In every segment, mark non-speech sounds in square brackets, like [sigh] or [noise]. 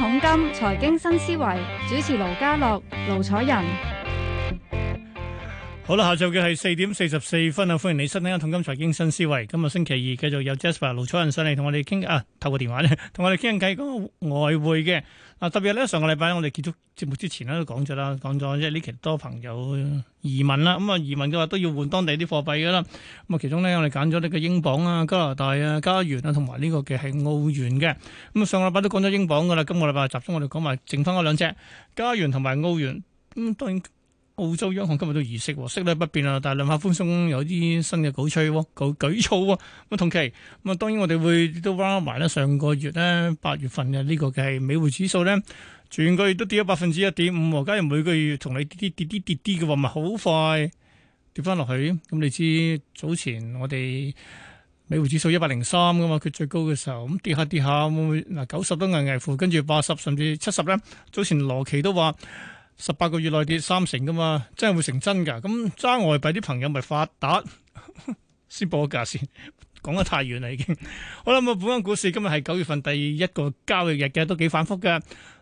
統金財經新思維主持：盧家樂、盧彩仁。好啦，下晝嘅係四點四十四分啊！歡迎你收聽《同金財經新思維》。今日星期二繼續有 Jasper 盧楚仁上嚟，同我哋傾啊，透過電話咧同我哋傾緊偈，講外匯嘅啊，特別咧上個禮拜我哋結束節目之前咧都講咗啦，講咗即係呢期多朋友移民啦，咁啊移民嘅話都要換當地啲貨幣噶啦。咁啊，其中咧我哋揀咗呢個英鎊啊、加拿大啊、加元啊，同埋呢個嘅係澳元嘅。咁啊，上個禮拜都講咗英鎊噶啦，今個禮拜集中我哋講埋剩翻嗰兩隻加元同埋澳元。咁當然。澳洲央行今日都議息，息率不變啊，但係量化寬鬆有啲新嘅舉措喎，舉措咁同期，咁啊當然我哋會都彎埋咧，上個月咧八月份嘅呢、呢個嘅美匯指數咧，全個月都跌咗百分之一點五喎。假如每個月同你跌啲跌啲跌啲嘅話，咪好快跌翻落去。咁你知早前我哋美匯指數一百零三㗎嘛，佢最高嘅時候，咁跌下跌下，會唔會嗱九十都危危乎，跟住八十甚至七十咧。早前羅奇都話。十八個月內跌三成噶嘛，真係會成真噶。咁揸外幣啲朋友咪發達 [laughs] 先報個價先，講得太遠啦已經 [laughs] 好啦。咁啊，本港股市今日係九月份第一個交易日嘅，都幾反復嘅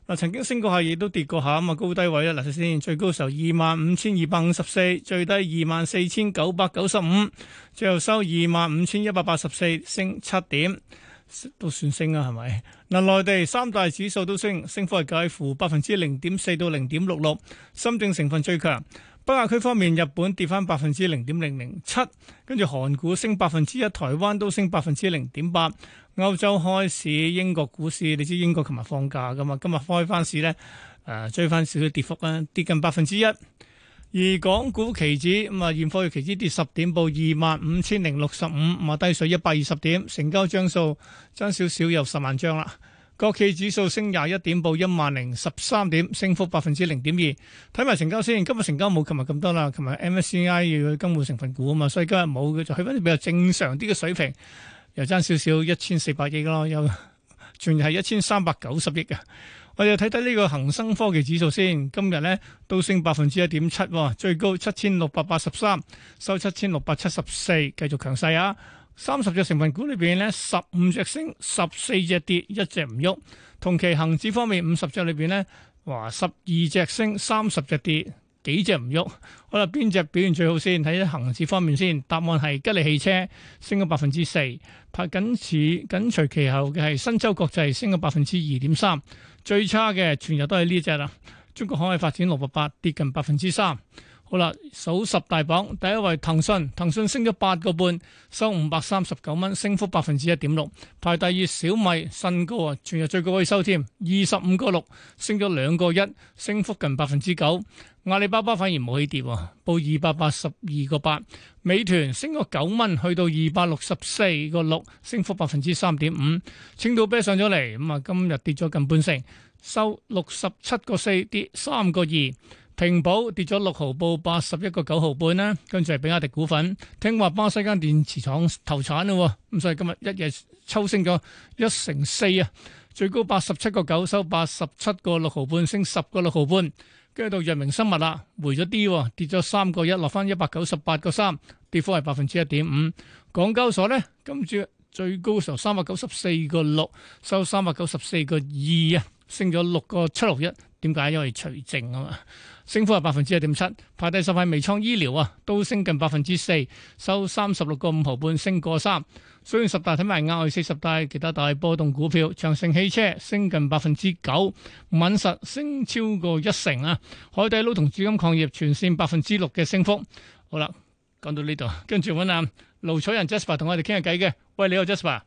嗱。曾經升過下，亦都跌過下咁啊，高低位啦。嗱，睇，先最高嘅時候二萬五千二百五十四，最低二萬四千九百九十五，最後收二萬五千一百八十四，升七點。都算升啊，係咪？嗱，內地三大指數都升，升幅係介乎百分之零點四到零點六六，深證成分最強。北亞區方面，日本跌翻百分之零點零零七，跟住韓股升百分之一，台灣都升百分之零點八。歐洲開市，英國股市你知英國琴日放假噶嘛，今日開翻市咧，誒、呃，追翻少少跌幅啦，跌近百分之一。而港股期指咁啊，現貨期指跌十點，報二萬五千零六十五，咁啊低水一百二十點，成交張數爭少少，有十萬張啦。國企指數升廿一點，報一萬零十三點，升幅百分之零點二。睇埋成交先，今日成交冇琴日咁多啦。琴日 MSCI 要更換成分股啊嘛，所以今日冇嘅，就去翻啲比較正常啲嘅水平，又爭少少一千四百億咯，又全係一千三百九十億嘅。我哋睇睇呢個恒生科技指數先，今日咧都升百分之一點七，最高七千六百八十三，收七千六百七十四，繼續強勢啊！三十隻成分股裏邊咧，十五隻升，十四隻跌，一隻唔喐。同期恒指方面，五十隻裏邊咧，哇，十二隻升，三十隻跌，幾隻唔喐？好啦，邊隻表現最好先？睇下恒指方面先，答案係吉利汽車升咗百分之四，排緊似緊隨其後嘅係申洲國際升咗百分之二點三。最差嘅全日都係呢隻啦，中國海外發展六百八跌近百分之三。好啦，數十大榜第一位騰訊，騰訊升咗八個半，收五百三十九蚊，升幅百分之一點六。排第二小米，新高啊，全日最高可以收添，二十五個六，升咗兩個一，升幅近百分之九。阿里巴巴反而冇起跌，報二百八十二個八。美團升咗九蚊，去到二百六十四個六，升幅百分之三點五。青島啤上咗嚟，咁啊今日跌咗近半成，收六十七個四，跌三個二。平保跌咗六毫，報八十一個九毫半啦，跟住係比亞迪股份，聽話巴西間電池廠投產咯，咁所以今日一嘢抽升咗一成四啊，最高八十七個九，收八十七個六毫半，升十個六毫半，跟住到藥明生物啦，回咗啲，跌咗三個一，落翻，一百九十八個三，跌幅係百分之一點五。港交所咧今朝最高收三百九十四個六，收三百九十四個二啊，升咗六個七六一，點解？因為除淨啊嘛。升幅係百分之一點七，排第十係微創醫療啊，都升近百分之四，收三十六個五毫半，升過三。雖然十大睇埋外，四十大其他大,大波動股票，長城汽車升近百分之九，敏實升超過一成啊，海底撈同紫金礦業全線百分之六嘅升幅。好啦，講到呢度，跟住揾啊，盧楚仁 Jasper 同我哋傾下偈嘅，喂，你好 Jasper。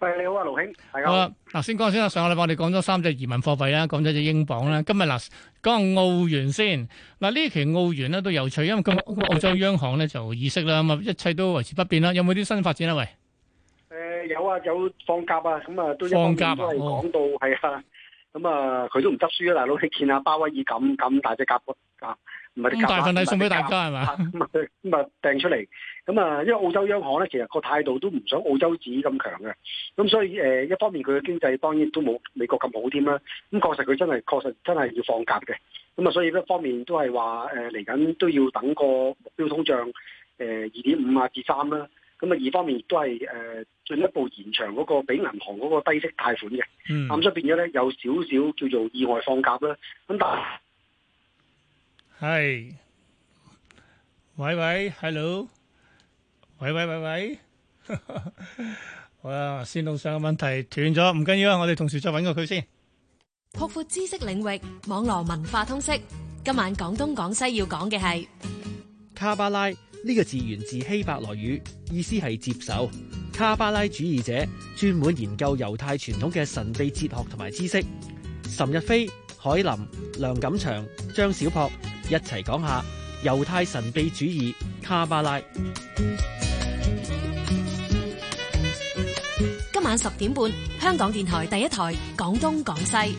喂，你好啊，盧兄，係啊。嗱，先講先啦，上個禮拜我哋講咗三隻移民貨幣啦，講咗隻英鎊啦。今日嗱，講澳元先。嗱，呢期澳元咧都有趣，因為今日澳洲央行咧就議息啦，咁啊一切都維持不變啦。有冇啲新發展啊？喂，誒，有啊，有放鴿啊，咁、嗯、啊，都一方面都係講到係啊，咁、嗯嗯、啊，佢都唔執輸啊，老細見阿鮑威爾咁咁大隻鴿啊。好大份禮送俾大家係嘛，咁啊，咁啊，掟出嚟，咁啊，因為澳洲央行咧，其實個態度都唔想澳洲紙咁強嘅，咁所以誒，一方面佢嘅經濟當然都冇美國咁好添啦，咁確實佢真係確實真係要放鴿嘅，咁啊，所以一方面都係話誒嚟緊都要等個目標通脹誒二點五啊至三啦，咁啊，二方面亦都係誒進一步延長嗰個俾銀行嗰個低息貸款嘅，咁所以變咗咧有少少叫做意外放鴿啦，咁但係。係，喂喂，hello，喂喂喂喂，哇！ [laughs] 線路上嘅問題斷咗，唔緊要啊。我哋同事再揾個佢先。擴闊知識領域，網絡文化通識。今晚廣東廣西要講嘅係卡巴拉呢、這個字源自希伯來語，意思係接受卡巴拉主義者專門研究猶太傳統嘅神秘哲學同埋知識。岑日飛、海林、梁錦祥、張小朴。一齊講下猶太神秘主義卡巴拉。今晚十點半，香港電台第一台廣東廣西。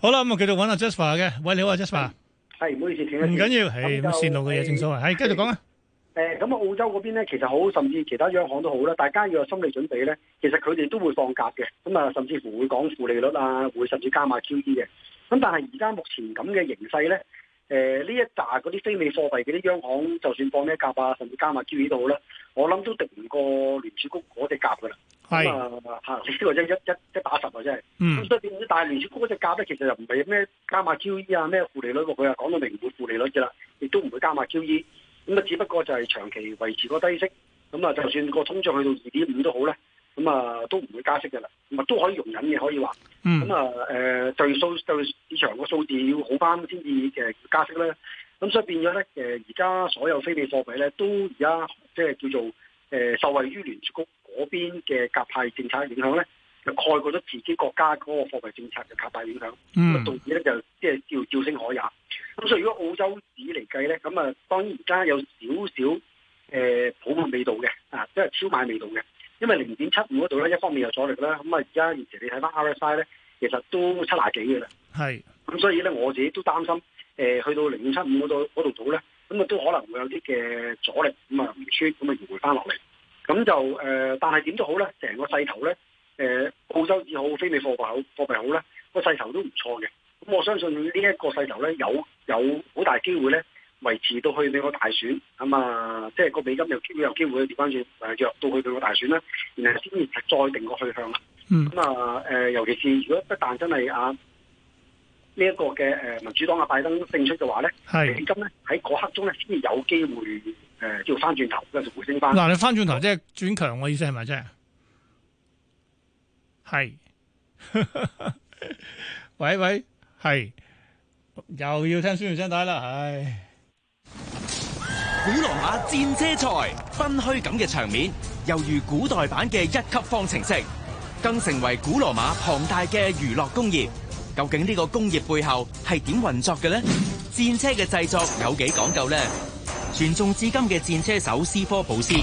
好啦，咁啊繼續揾阿 Jasper 嘅，喂，你好阿 Jasper，係，唔好意思，唔緊要，誒，咁線路嘅嘢，正所謂，誒，繼續講啊。誒，咁啊，澳洲嗰邊咧，其實好，甚至其他央行都好啦。大家要有心理準備咧，其實佢哋都會放假嘅。咁啊，甚至乎會講負利率啊，會甚至加碼 QE 嘅。咁但係而家目前咁嘅形勢咧。誒、呃，呢一扎嗰啲非美貨幣嗰啲央行，就算放咩一夾啊，甚至加埋 QE 都好啦。我諗都敵唔過聯儲局嗰隻夾噶啦。係咁啊，吓呢個一一一一打十啊，真係。嗯。咁所以點解但聯儲局嗰隻夾咧，其實又唔係咩加埋 QE 啊，咩負利率喎？佢又講到明，唔會負利率嘅啦，亦都唔會加埋 QE。咁啊，只不過就係長期維持個低息。咁啊，就算個通脹去到二點五都好咧，咁啊都唔會加息嘅啦，咁啊都可以容忍嘅，可以話。咁、嗯、啊，對、嗯、對市場個數字要好翻先至嘅加息啦。咁所以變咗咧，而家所有非美貨幣咧都而家即係叫做誒受惠於聯儲局嗰邊嘅夾派政策影響咧，就蓋過咗自己國家嗰個貨幣政策嘅夾派影響，咁啊導致咧就即係叫叫聲可也。咁所以如果澳洲紙嚟計咧，咁啊，當然而家有少少誒泡沫味道嘅，啊，即係超買味道嘅。因為零點七五嗰度咧，一方面有阻力啦，咁啊而家目前你睇翻 RSI 咧，其實都七廿幾嘅啦。係，咁所以咧我自己都擔心，誒、呃、去到零點七五嗰度嗰度度咧，咁啊都可能會有啲嘅阻力，咁啊唔穿，咁啊移回翻落嚟。咁就誒，但係點都好咧，成個勢頭咧，誒、呃、澳洲指好、非美貨幣好、貨幣好咧，個勢頭都唔錯嘅。咁我相信呢一個勢頭咧，有有好大機會咧。維持到去美國大選咁啊，即係個美金有機會有機會跌翻轉，誒、啊，約到去美國大選啦，然後先至再定個去向。咁、嗯、啊，誒、呃，尤其是如果一旦真係啊呢一、這個嘅誒民主黨阿、啊、拜登勝出嘅話咧，美金咧喺嗰刻中咧先至有機會誒、呃、叫翻轉頭，繼續回升翻。嗱、啊，你翻轉頭即係轉強，我意思係咪真係？係、嗯。 [laughs] 喂喂，係又要聽孫元聲帶啦，唉、哎。古羅馬戰車賽，紛虛噉嘅場面，猶如古代版嘅一級方程式，更成為古羅馬龐大嘅娛樂工業。究竟呢個工業背後係點運作嘅呢？戰車嘅製作有幾講究呢？傳頌至今嘅戰車手斯科普斯，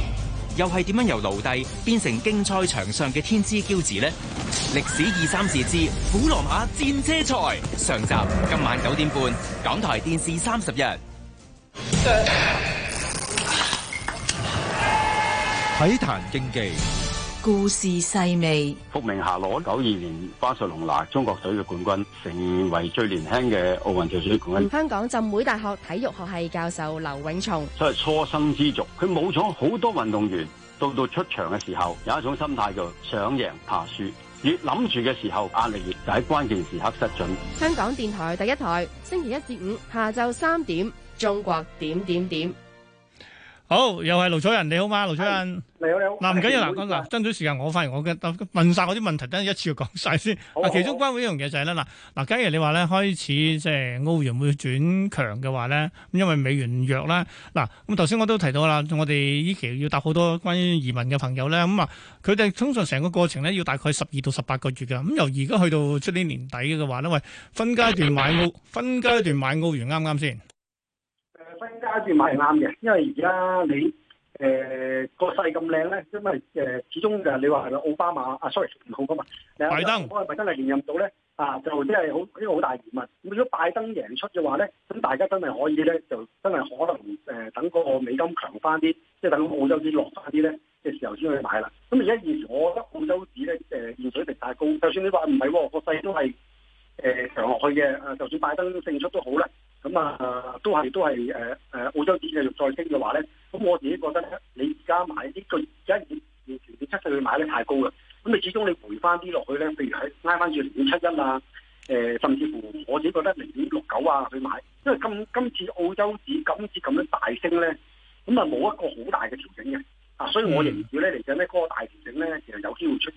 又係點樣由奴隸變成競賽場上嘅天之驕子呢？歷史二三事之古羅馬戰車賽上集，今晚九點半，港台電視三十日。呃體壇競技，故事細味，伏明霞攞九二年巴塞隆拿中國隊嘅冠軍，成為最年輕嘅奧運跳水冠軍。香港浸會大學體育學系教授劉永松，所係初生之犢。佢冇咗好多運動員，到到出場嘅時候有一種心態就想贏怕輸，越諗住嘅時候壓力越大，喺關鍵時刻失準。香港電台第一台，星期一至五下晝三點，中國點點點。好，又係盧楚仁，你好嗎？盧楚仁。你好，你好。嗱、哎，唔緊要啦，嗱，爭取時間我，我發現問晒我啲問題，等一次要講晒先。嗱，其中關乎一樣嘢就係、是、咧，嗱，嗱，假如你話咧開始即、就、係、是、歐元會轉強嘅話咧，因為美元弱啦，嗱，咁頭先我都提到啦，我哋依期要答好多關於移民嘅朋友咧，咁啊，佢哋通常成個過程咧要大概十二到十八個月噶，咁由而家去到出年年底嘅話咧，喂，分階段買澳，分階段買澳元啱唔啱先？先加住買係啱嘅，因為而家你誒個勢咁靚咧，因為誒、呃、始終就你話係咪奧巴馬啊，sorry 唔好噶嘛。拜登，拜登連任到咧啊，就真係好呢個好大疑問。如果拜登贏出嘅話咧，咁大家真係可以咧，就真係可能誒、呃、等嗰個美金強翻啲，即、就、係、是、等澳洲啲落翻啲咧嘅時候先去買啦。咁而家現時，我覺得澳洲市咧誒現水平太高，就算你話唔係喎，個勢都係誒、呃、強落去嘅。啊，就算拜登勝出都好啦。咁、嗯、啊，都係都係誒、呃、澳洲指嘅再升嘅話咧，咁我自己覺得咧，你而家買呢、呢個而家現現你出曬去買呢太高啦，咁你始終你回翻啲落去咧，譬如喺拉翻住零點七一啊、呃，甚至乎我自己覺得零點六九啊去買，因為今今次澳洲指今次咁樣大升咧，咁啊冇一個好大嘅調整嘅，啊，所以我仍然要咧嚟緊呢嗰個大調整咧，其實有機會出現。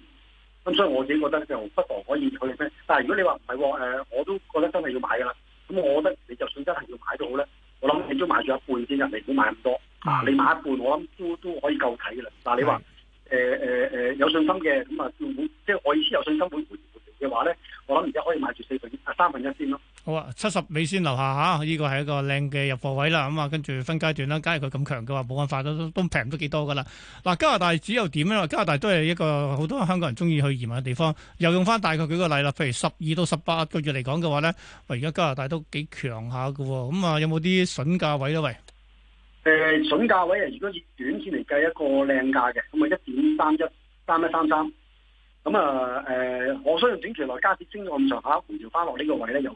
咁所以我自己覺得就不妨可以去咩，但係如果你話唔係喎，誒我都覺得真係要買㗎啦。咁我覺得你就算真係要買都好咧，我諗你都買住一半先啦，唔好買咁多。你買一半，我諗都都可以夠睇嘅啦。但係，你話、呃呃呃、有信心嘅，咁啊即係我意思有信心會回本嘅話咧，我諗而家可以買住四分啊三分一先咯。好啊，七十美仙樓下嚇，依、啊呢個係一個靚嘅入貨位啦，咁啊，跟住分階段啦。假如佢咁強嘅話，冇辦法都都都平唔到幾多噶啦。嗱、啊，加拿大隻有點咧？加拿大都係一個好多香港人中意去移民嘅地方，又用翻大概舉個例啦、啊。譬如十二到十八個月嚟講嘅話咧，喂、啊，而、啊、家加拿大都幾強下嘅喎。咁啊，啊，啊，有冇啲筍價位咧？喂、呃，誒，筍價位啊，如果以短線嚟計一個靚價嘅，咁啊，一點三一三一三三，咁啊，誒，我想用短期內加跌升到咁上下，回調翻落呢個位咧，有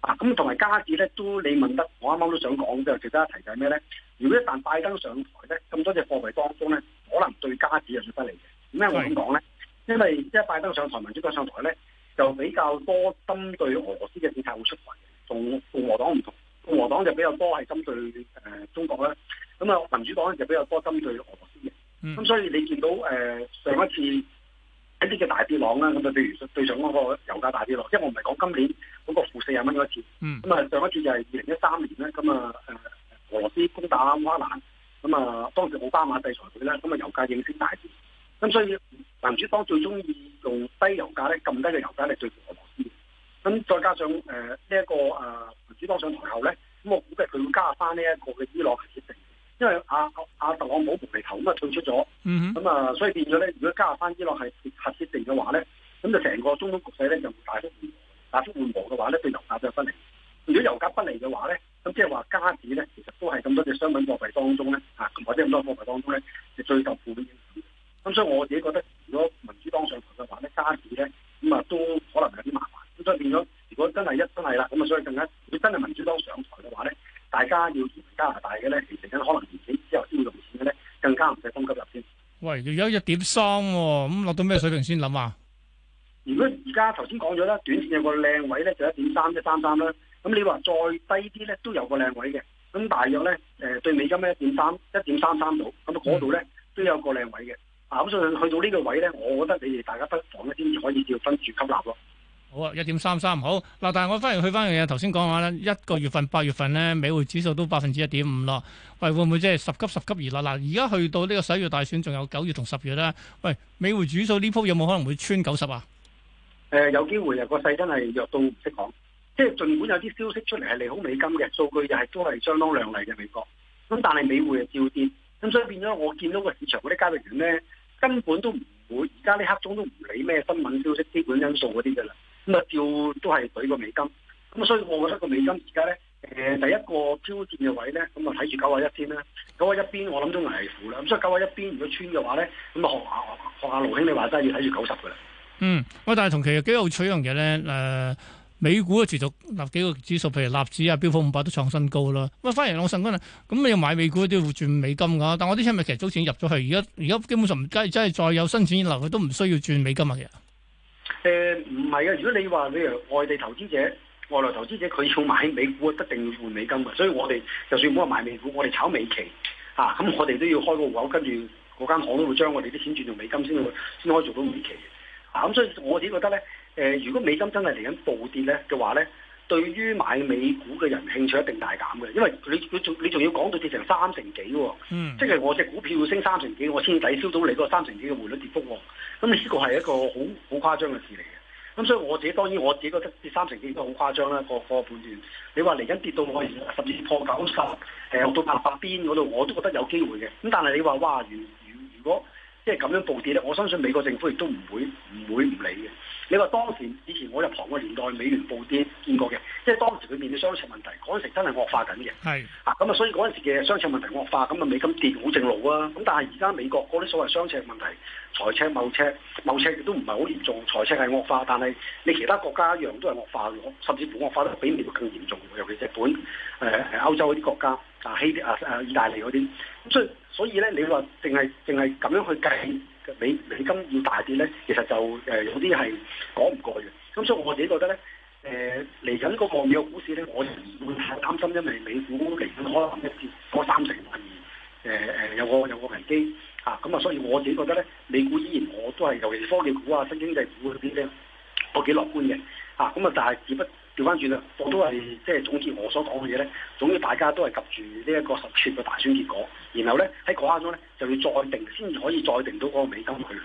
啊，咁同埋加仔咧，都你問得，我啱啱都想講嘅，其他一提就係咩咧？如果一旦拜登上台咧，咁多隻貨幣當中咧，可能對加仔係最不利嘅。咁因為我點講咧？因為一拜登上台，民主黨上台咧，就比較多針對俄羅斯嘅政策會出台。同共和黨唔同，共和黨就比較多係針對誒、呃、中國啦。咁啊，民主黨咧就比較多針對俄羅斯嘅。咁、嗯、所以你見到誒、呃、上一次一啲嘅大跌浪啦，咁就譬如對上嗰個油價大跌浪，因為我唔係講今年。跟住就係二零一三年咧，咁啊，誒，俄羅斯攻打烏克蘭，咁啊，當時奧巴馬制裁佢咧，咁啊，油價應聲大跌，咁所以，民主黨最中意用低油價咧，咁低嘅油價嚟對付俄羅斯。咁再加上誒呢一個誒，民主黨上台後咧，咁我估計佢會加入翻呢一個嘅伊朗核協定，因為阿阿特朗普冇厘頭，咁啊退出咗，咁啊，所以變咗咧，如果加入翻伊朗係核協定嘅話咧，咁就成個中東局勢咧就會大幅大幅緩和嘅話咧，對油價就不利如果油價不利嘅話咧，咁即係話加紙咧，其實都係咁多隻商品貨幣當中咧，啊，或者咁多貨幣當中咧，就最受負面影響嘅。咁所以我自己覺得，如果民主黨上台嘅話咧，加紙咧，咁、嗯、啊都可能有啲麻煩。咁所以變咗，如果真係一真係啦，咁啊，所以更加，如果真係民主黨上台嘅話咧，大家要移民加拿大嘅咧，其實可能年幾之後先用錢嘅咧，更加唔使心急入先。喂，而家一點三喎，咁落到咩水平先諗啊？如果而家頭先講咗啦，短線有個靚位咧，就一點三，即三三啦。咁你話再低啲咧，都有個靚位嘅。咁大約咧，誒，兌美金咧一點三，一點三三度。咁啊，嗰度咧都有個靚位嘅。啊，咁所以去到呢個位咧，我覺得你哋大家不妨一啲可以叫分住吸納咯。好啊，一點三三，好。嗱，但係我反嚟去翻嘅嘢，頭先講下咧，一個月份八月份咧，美匯指數都百分之一點五咯。喂，會唔會即係十級十級而啦？嗱，而家去到呢個十一月大選，仲有九月同十月啦。喂，美匯指數呢鋪有冇可能會穿九十啊？誒，有機會啊，個勢真係弱到唔識講。有啲消息出嚟係利好美金嘅，數據又係都係相當靚麗嘅美國。咁但係美匯啊，照跌。咁所以變咗，我見到個市場嗰啲交易員咧，根本都唔會而家呢刻鐘都唔理咩新聞消息、基本因素嗰啲噶啦。咁啊，照都係對個美金。咁所以我覺得個美金而家咧，誒第一個挑戰嘅位咧，咁啊睇住九啊一先啦。九啊一邊，我諗都係苦啦。咁所以九啊一邊如果穿嘅話咧，咁啊學下學下盧兄你話齋要睇住九十噶啦。嗯，喂，但係同期又幾有趣一樣嘢咧，誒、呃。美股嘅持續立幾個指數，譬如納指啊、標普五百都創新高啦。咁喂，反而我信君啊，咁你要買美股都要換美金噶。但我啲親咪其實早前入咗去，而家而家基本上唔，真真係再有新錢流，佢都唔需要轉美金啊。其實，誒唔係嘅。如果你話你外地投資者、外來投資者，佢要買美股，一定換美金啊。所以我哋就算唔好話買美股，我哋炒美期啊，咁我哋都要開個戶口，跟住嗰間行都會將我哋啲錢轉做美金先先可，可以做到美期嘅啊。咁所以我自己覺得咧。誒，如果美金真係嚟緊暴跌咧嘅話咧，對於買美股嘅人興趣一定大減嘅，因為你你仲你仲要講到跌成三成幾喎，嗯、mm.，即係我隻股票要升三成幾，我先抵消到你嗰三成幾嘅匯率跌幅喎，咁你呢個係一個好好誇張嘅事嚟嘅，咁所以我自己當然我自己覺得跌三成幾都好誇張啦，個個半段，你話嚟緊跌到我而家十二破九十，誒、呃、到八百邊嗰度，我都覺得有機會嘅，咁但係你話哇，如如如果，如果即係咁樣暴跌咧，我相信美國政府亦都唔會唔會唔理嘅。你話當時以前我入行個年代美元暴跌見過嘅，即係當時佢面對雙赤問題嗰陣時真係惡化緊嘅。係啊，咁啊，所以嗰陣時嘅雙赤問題惡化，咁啊美金跌好正路啊。咁但係而家美國嗰啲所謂雙赤問題、財赤、貿赤，貿赤亦都唔係好嚴重，財赤係惡化，但係你其他國家一樣都係惡化，甚至本惡化都係比美國更嚴重，尤其日本、呃、歐洲嗰啲國家。啊希啲啊啊意大利嗰啲，咁所以所以咧，你話淨係淨係咁樣去計美美金要大跌咧，其實就誒、呃、有啲係講唔過去嘅。咁所以我自己覺得咧，誒嚟緊個美股市咧，我唔會太擔心，因為美股嚟緊可能一跌嗰三成萬，反而誒有個有個危機啊。咁啊，所以我自己覺得咧，美股依然我都係，尤其科技股啊、新經濟股嗰啲咧，我幾樂觀嘅啊。咁啊，但係只不調翻轉啦！我都係即係總結我所講嘅嘢咧，總之大家都係及住呢一個十決嘅大選結果，然後咧，喺嗰一刻咧就要再定，先可以再定到嗰個美金匯率。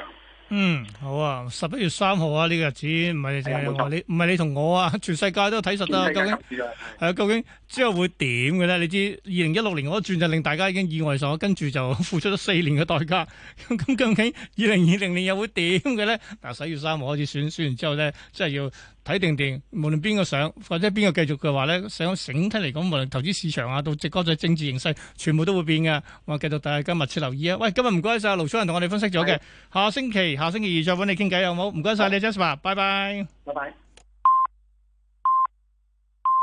嗯，好啊！十一月三號啊，呢、這個日子唔係你唔係你同我啊，全世界都睇實啊、就是！究竟係啊？究竟之後會點嘅咧？你知二零一六年嗰轉就令大家已經意外咗，跟住就付出咗四年嘅代價。咁究竟二零二零年又會點嘅咧？嗱、啊，十一月三號開始選，選完之後咧即係要。睇定定，無論邊個想或者邊個繼續嘅話咧，想整體嚟講，無論投資市場啊，到國際政治形勢，全部都會變嘅。我繼續大家密切留意啊！喂，今日唔該晒盧楚仁同我哋分析咗嘅，下星期下星期二再揾你傾偈好唔好？唔該晒你，Jasper，拜拜，拜拜。